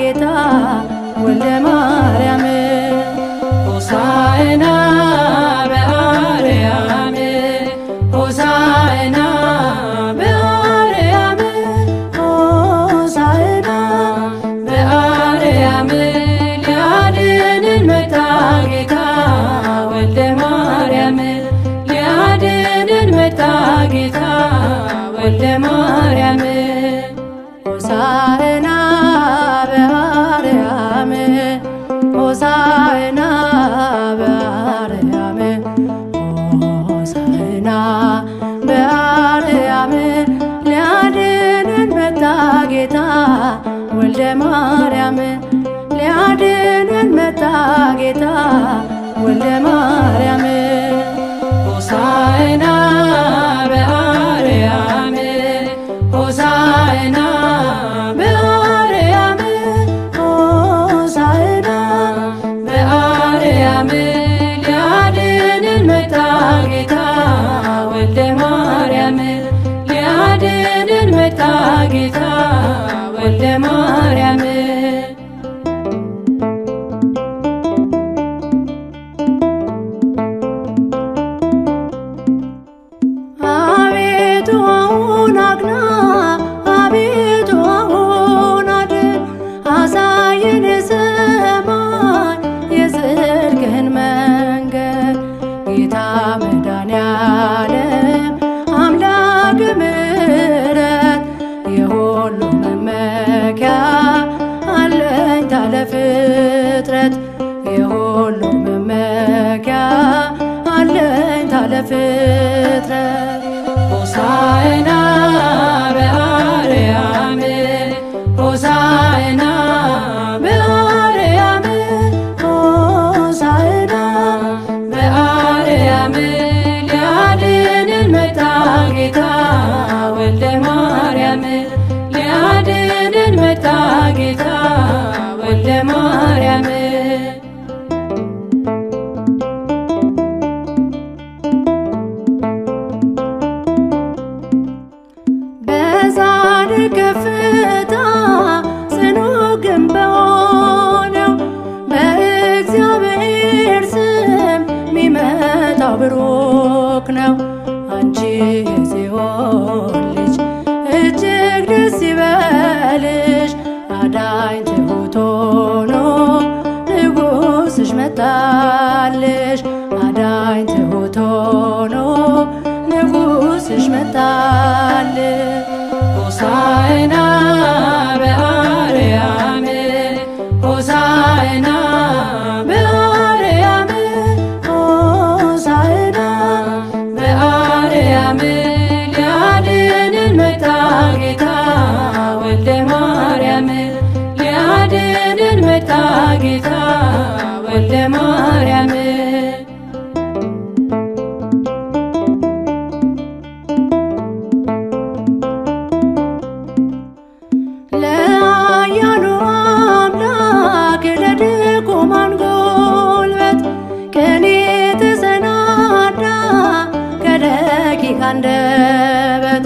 ጌታ ወልደ ወልደ ማርያም ሊያድነን መጣ ጌታ ወልደ ማርያም ሆሳዕና በአርያም ሆሳዕና በአርያም ሆሳዕና በአርያም ሊያድነን መጣ ጌታ ወልደ ማርያም ሊያድነን መጣ ጌታ ወልደ ማርያም ሊያድነን መጣ ጌታ ወልደ ማርያም ይመጣል አንደበት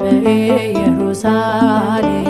በኢየሩሳሌም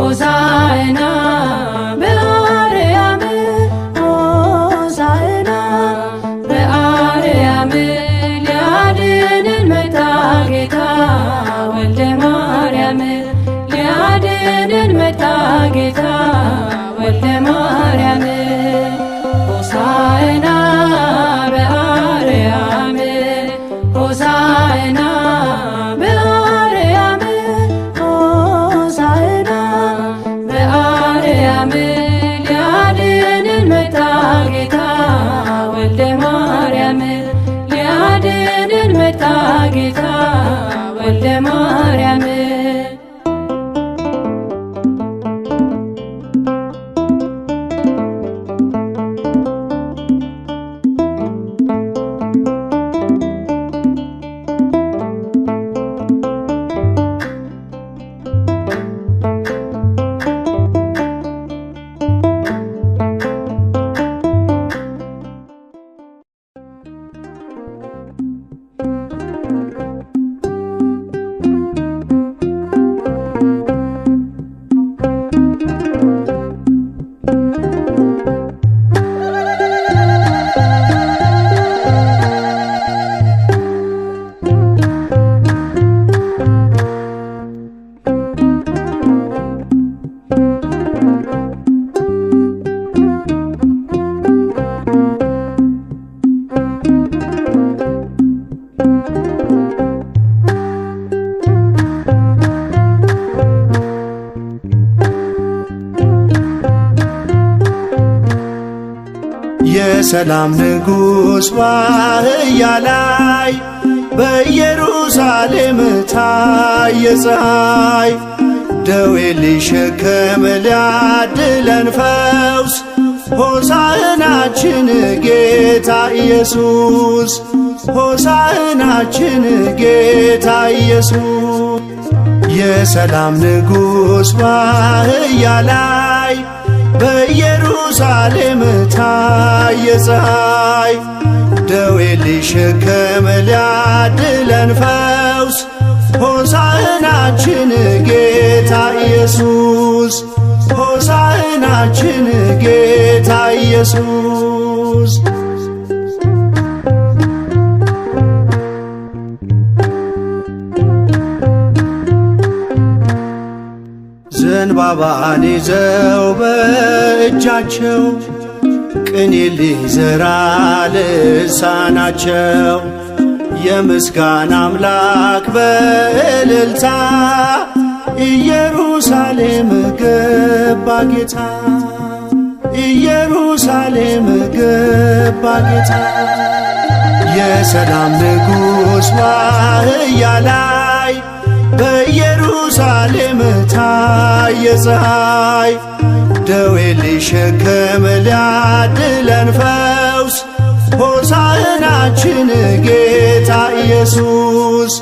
Hosanna ሰላም ንጉሥ በአህያ ላይ በኢየሩሳሌም ታየ ፀሐይ ደዌ ሊሸከም ሊያድለን ፈውስ ሆሳዕናችን ጌታ ኢየሱስ ሆሳዕናችን ጌታ ኢየሱስ የሰላም ንጉሥ በአህያ ላይ በኢየሩሳሌም ታየ ፀሐይ ደዌ ሊሸከም ሊያድለን ፈውስ ሆሳዕናችን ጌታ ኢየሱስ ሆሳዕናችን ጌታ ኢየሱስ ዘንባባን ይዘው በእጃቸው ቅኔ ሊዘራ ልሳናቸው የምስጋን አምላክ በእልልታ ኢየሩሳሌም ገባ ጌታ ኢየሩሳሌም ገባ ጌታ የሰላም ንጉሥ ዋህያላ በኢየሩሳሌም ታየ ፀሐይ ደዌ ሊሸከም ሊያድለን ፈውስ ሆሳዕናችን ጌታ ኢየሱስ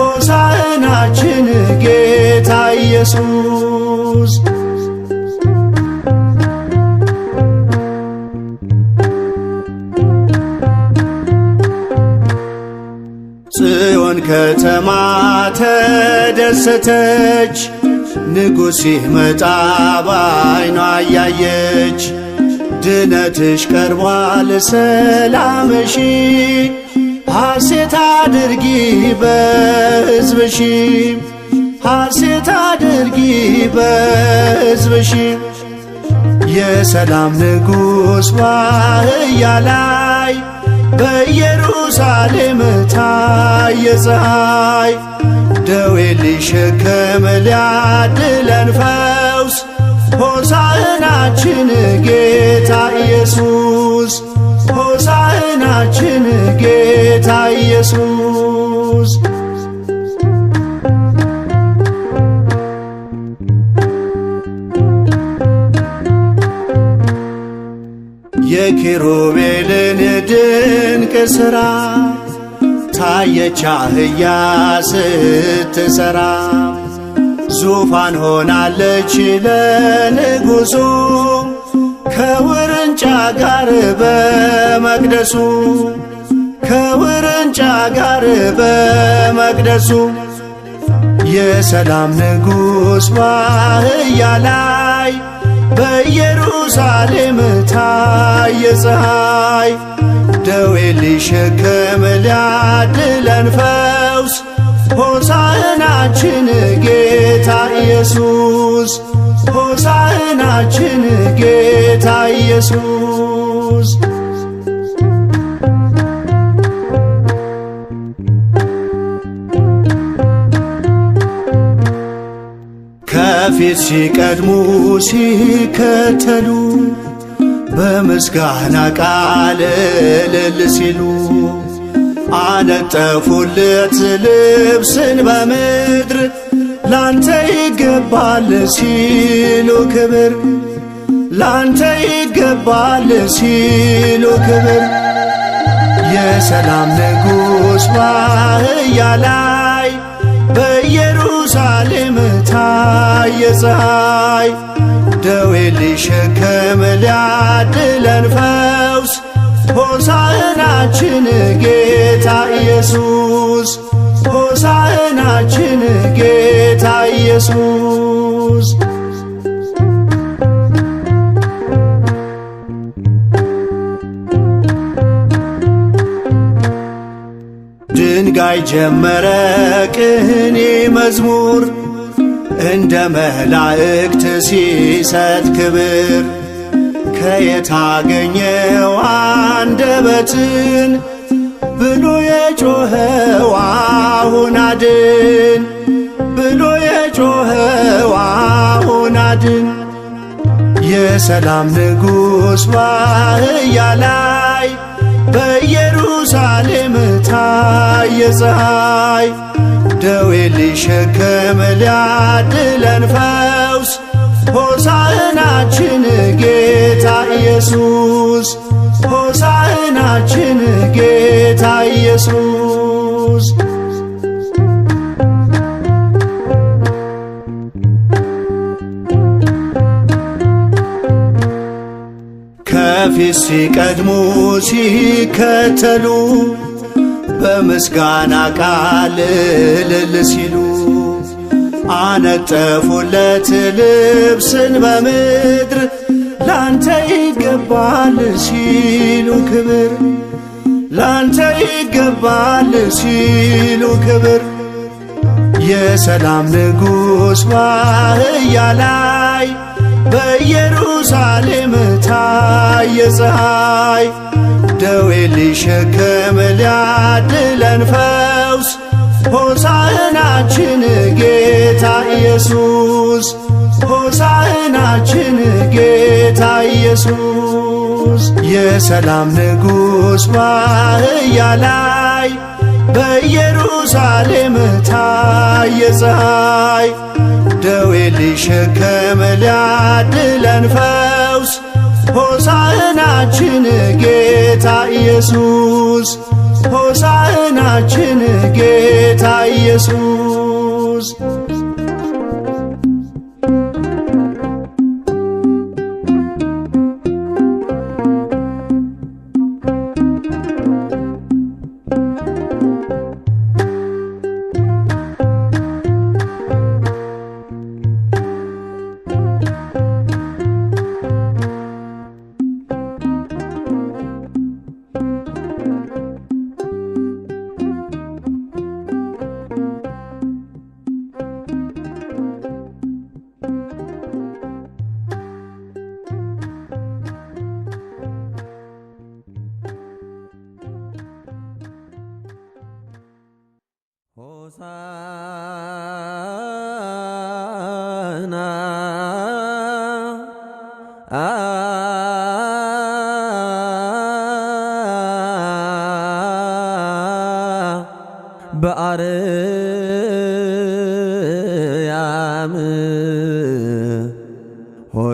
ሆሳዕናችን ጌታ ኢየሱስ ጽዮን ከተማ ተደሰተች፣ ንጉሥ ሲመጣ ባይኗ አያየች። ድነትሽ ቀርቧል ሰላምሺ፣ ሐሴት አድርጊ በሕዝብሺ፣ ሐሴት አድርጊ በሕዝብሺ። የሰላም ንጉሥ ባህያላ በኢየሩሳሌም ታየ ፀሐይ ደዌ ሊሸከም ሊያድለን ፈውስ ሆሳዕናችን ጌታ ኢየሱስ ሆሳዕናችን ጌታ ኢየሱስ የኪሩቤልን ድንቅ ሥራ ታየች አህያ ስትሠራ ዙፋን ሆናለች ለንጉሡ ከውርንጫ ጋር በመቅደሱ ከውርንጫ ጋር በመቅደሱ የሰላም ንጉሥ ባህያ በኢየሩሳሌም ታየ ፀሐይ ደዌ ሊሸከም ሊያድለን ፈውስ ሆሳዕናችን ጌታ ኢየሱስ ሆሳዕናችን ጌታ ኢየሱስ ፊት ሲቀድሙ ሲከተሉ በምስጋና ቃል እልል ሲሉ አነጠፉለት ልብስን በምድር ላንተ ይገባል ሲሉ ክብር ላንተ ይገባል ሲሉ ክብር የሰላም ንጉሥ ባህያላ ኢየሩሳሌም ታየ ፀሐይ ደዌ ሊሸከም ሊያድለን ፈውስ ሆሳዕናችን ጌታ ኢየሱስ ሆሳዕናችን ጌታ ኢየሱስ ድንጋይ ጀመረ ቅኔ መዝሙር እንደ መላእክት ሲሰጥ ክብር ከየት አገኘው አንደበትን ብሎ የጮኸው አሁን አድን ብሎ የጮኸው አሁን አድን የሰላም ንጉሥ ባህያ ላይ በየ ኢየሩሳሌም ታየ ፀሐይ ደዌ ሊሸከም ሊያድለን ፈውስ ሆሳዕናችን ጌታ ኢየሱስ ሆሳዕናችን ጌታ ኢየሱስ ከፊት ሲቀድሙ ሲከተሉ በምስጋና ቃል እልል ሲሉ አነጠፉለት ልብስን በምድር ላንተ ይገባል ሲሉ ክብር ላንተ ይገባል ሲሉ ክብር የሰላም ንጉሥ ባህያላ በኢየሩሳሌም ታየ ፀሐይ ደዌ ሊሸከም ሊያድለን ፈውስ ሆሳዕናችን ጌታ ኢየሱስ ሆሳዕናችን ጌታ ኢየሱስ የሰላም ንጉሥ ባህያ ላይ በኢየሩሳሌም ታየ ፀሐይ ደዌ ሊሸከም ሊያድለን ፈውስ ሆሳዕናችን ጌታ ኢየሱስ ሆሳዕናችን ጌታ ኢየሱስ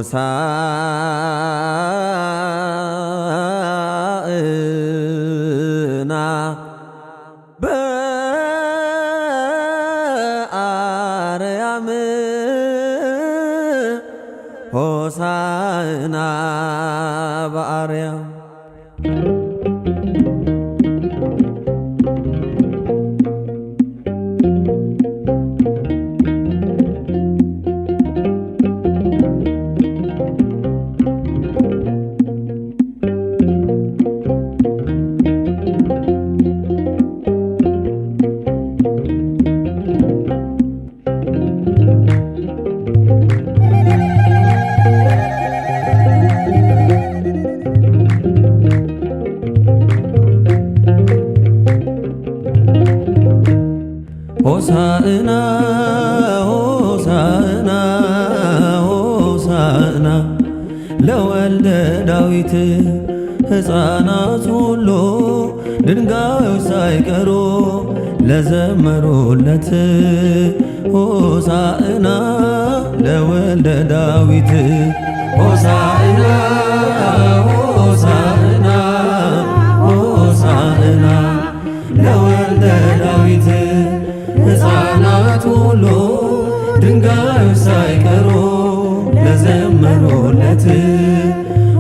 さ ዳዊት ሆሳዕና ሆሳዕና ሆሳዕና ለወልደ ዳዊት ሕፃናት ሁሉ ድንጋይ ሳይቀሩ ለዘመሩለት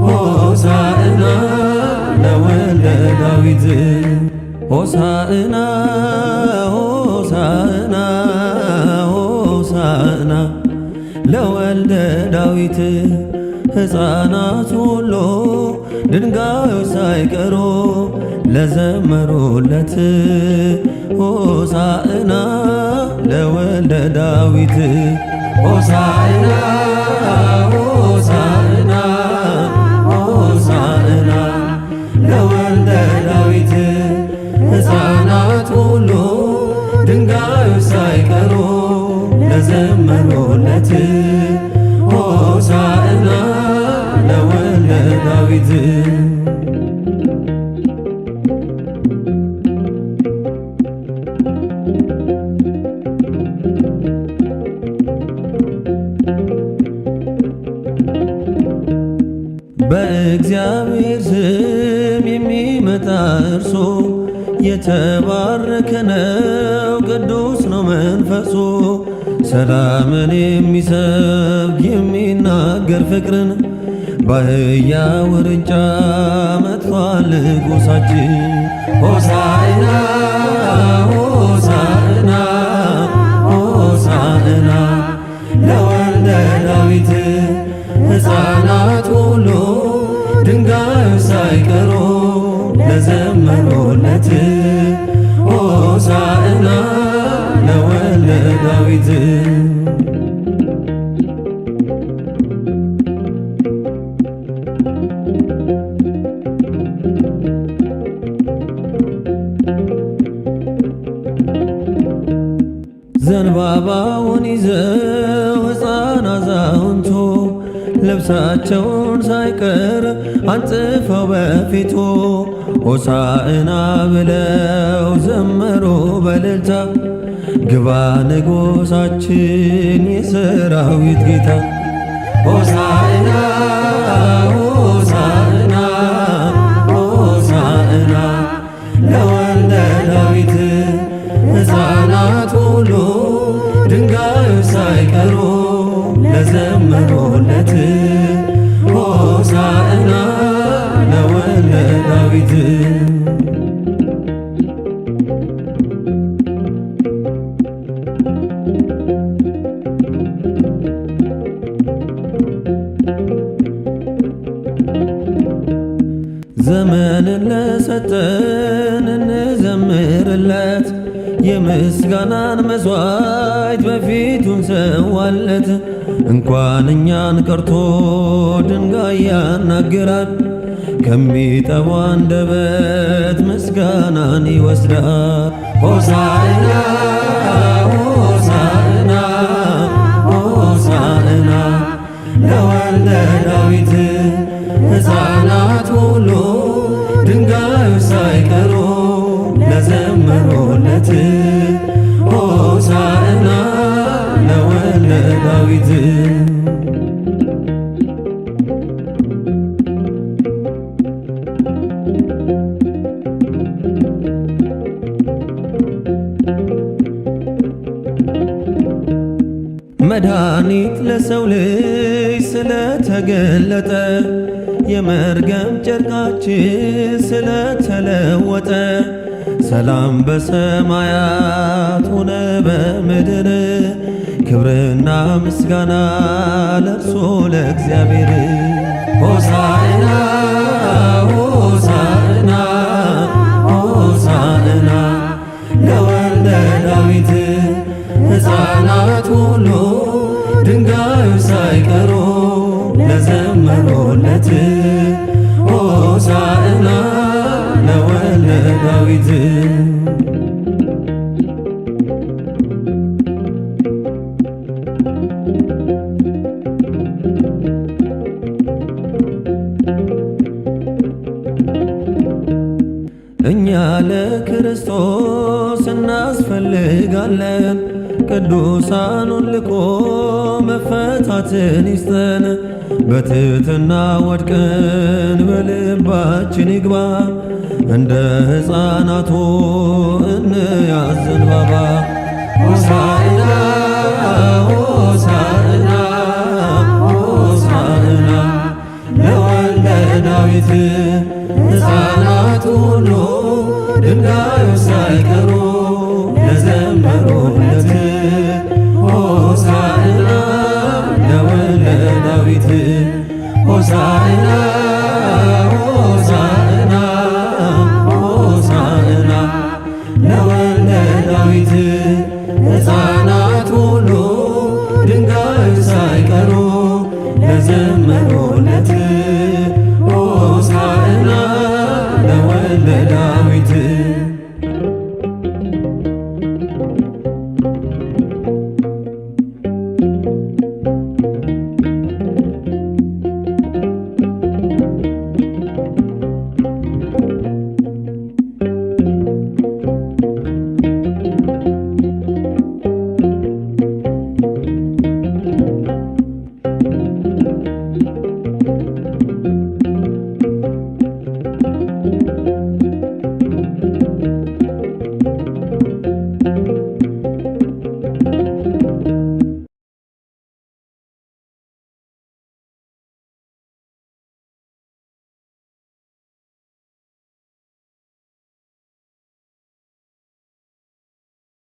ሆሳዕና ለወልደ ዳዊት ሆሳዕና ሆሳዕና ሆሳዕና ለወልደ ዳዊት ሕፃናት ሁሉ ድንጋዮች ሳይቀሩ ለዘመሩለት ሆሳዕና ለወልደ ዳዊት ሆሳዕና ሆሳዕና ፍቅርን በአህያ ውርንጫ መጥቷል ጎሳችን። ሆሳዕና ሆሳዕና ሆሳዕና ለወልደ ዳዊት ሕፃናት ሁሉ ድንጋይ ሳይቀሩ ለዘመሩለት ሆሳዕና ለወልደ ዳዊት ዘንባባውን ይዘው ሕፃን አዛውንቱ ልብሳቸውን ሳይቀር አንጽፈው በፊቱ ሆሳዕና ብለው ዘመሩ በልልታ ግባ ንጉሳችን የሰራዊት ጌታ ሆሳዕና ሮነት ሆሳዕና ለወልደ ዳዊት ዘመንን ለሰጠን እንዘምርለት የምስጋናን መሥዋዕት በፊቱን ሰዋለት እንኳን እኛን ቀርቶ ድንጋይ ያናግራል። ከሚጠባ አንደበት ምስጋናን ይወስዳል። ሆሳዕና ሆሳዕና ሆሳዕና ለወልደ ዳዊት ሕፃናት ሁሉ ድንጋዩ ሳይቀሩ እምነ ዳዊት መድኃኒት ለሰው ልጅ ስለተገለጠ የመርገም ጨርቃችን ስለተለወጠ ሰላም በሰማያት ሆነ በምድር ክብርና ምስጋና ለእርሱ ለእግዚአብሔር ሆሳዕና ሆሳዕና ሆሳዕና ለወልደ ዳዊት ሕፃናት ሁሉ ድንጋዩ ሳይቀር ቅዱሳኑን ልኮ መፈታትን ይስጠን። በትሕትና ወድቀን በልባችን ይግባ። እንደ ሕፃናቱ እንያዘን ባባ